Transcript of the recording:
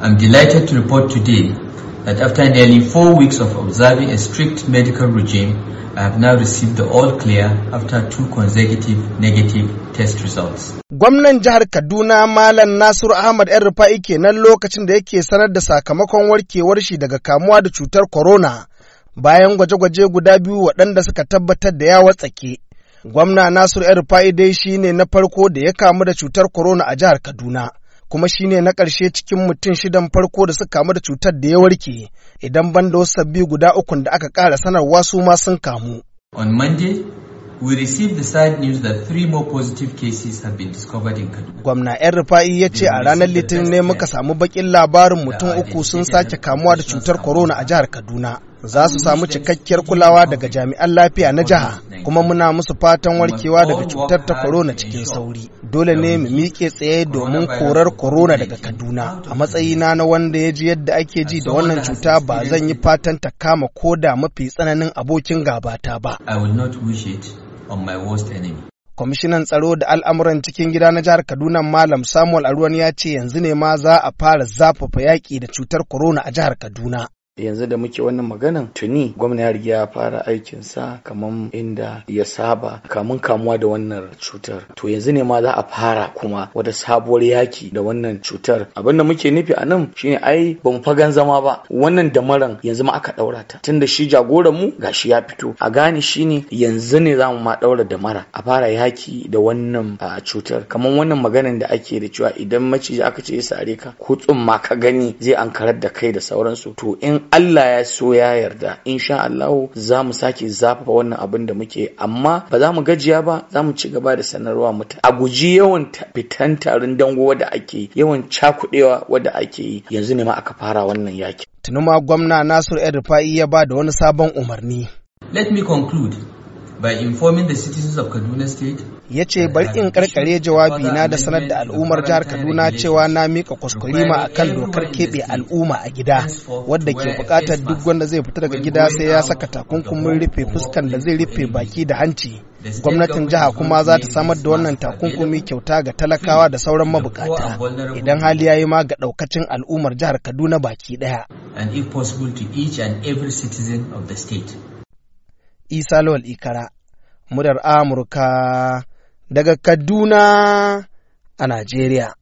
I'm delighted to report today that after nearly four weeks of observing a strict medical regime, I have now received the all clear after two consecutive negative test results. Gwamnan jihar Kaduna Malam Nasiru Ahmad ‘yan rufa'i kenan lokacin da yake sanar da sakamakon warkewar shi daga kamuwa da cutar corona bayan gwaje-gwaje guda biyu waɗanda suka tabbatar da ya watsake. Gwamna Nasiru ‘yan rufa'i dai shi ne na farko da ya kamu da cutar corona a jihar Kaduna. kuma shine na ƙarshe cikin mutum shidan farko da suka kamu da cutar da ya warke idan ban da wasu sabbi guda ukun da aka ƙara sanarwa su ma sun kamu. On Monday, we received the sad news that three more positive cases have been discovered in Kaduna. Gwamna ‘yan rufa'i ya ce a ranar Litinin ne muka samu bakin labarin mutum uku sun sake kamuwa da cutar corona a jihar Kaduna. za su samu cikakkiyar kulawa daga jami'an lafiya na jiha kuma muna musu fatan warkewa daga cutar ta korona cikin sauri dole ne mu miƙe tsaye domin korar korona daga kaduna a matsayina na wanda ya ji yadda ake ji da wannan cuta ba zan yi fatan ta kama ko da mafi tsananin abokin gabata ba kwamishinan tsaro da al'amuran cikin gida na jihar kaduna malam samuel aruwan ya ce yanzu ne ma za a fara zafafa yaƙi da cutar corona a jihar kaduna yanzu da muke wannan maganan tuni gwamna ya riga ya fara aikinsa kamar inda ya saba kamun kamuwa da wannan cutar to yanzu ne ma za a fara kuma wata sabuwar yaki da wannan cutar abin da muke nufi a nan shine ai ba mu fagan zama ba wannan damaran yanzu ma aka daura ta tunda shi jagoran mu gashi ya fito a gane shine yanzu ne za mu ma daura damara a fara yaki da wannan cutar kamar wannan maganan da ake da cewa idan maciji aka ce ya sare ka ko tsumma ka gani zai ankarar da kai da sauransu to in Allah ya so ya yarda insha Allah za mu sake zafafa wannan abin da muke amma ba za mu gajiya ba za mu ci gaba da sanarwa mutane a guji yawan fitan tarin dango wadda ake yawan cakudewa wada ake yi yanzu ne ma aka fara wannan yaki tunuma gwamna Nasiru El Rufai ya ba da wani sabon umarni let me conclude by informing the citizens of Kaduna State ya ce bari in karkare jawabi na da sanar da al'ummar jihar kaduna cewa na mika kuskurima a kan dokar keɓe al'umma a gida wadda ke buƙatar duk wanda zai fita daga gida sai ya saka takunkumin rufe fuskan da zai rufe baki da hanci gwamnatin jiha kuma za ta samar da wannan takunkumi kyauta ga talakawa da sauran mabukata idan hali ya yi ma ga ɗaukacin al'ummar jihar kaduna baki ɗaya and if possible to each and every citizen of the state Isa Lawal Ikara, mudar Amurka daga Kaduna a Najeriya.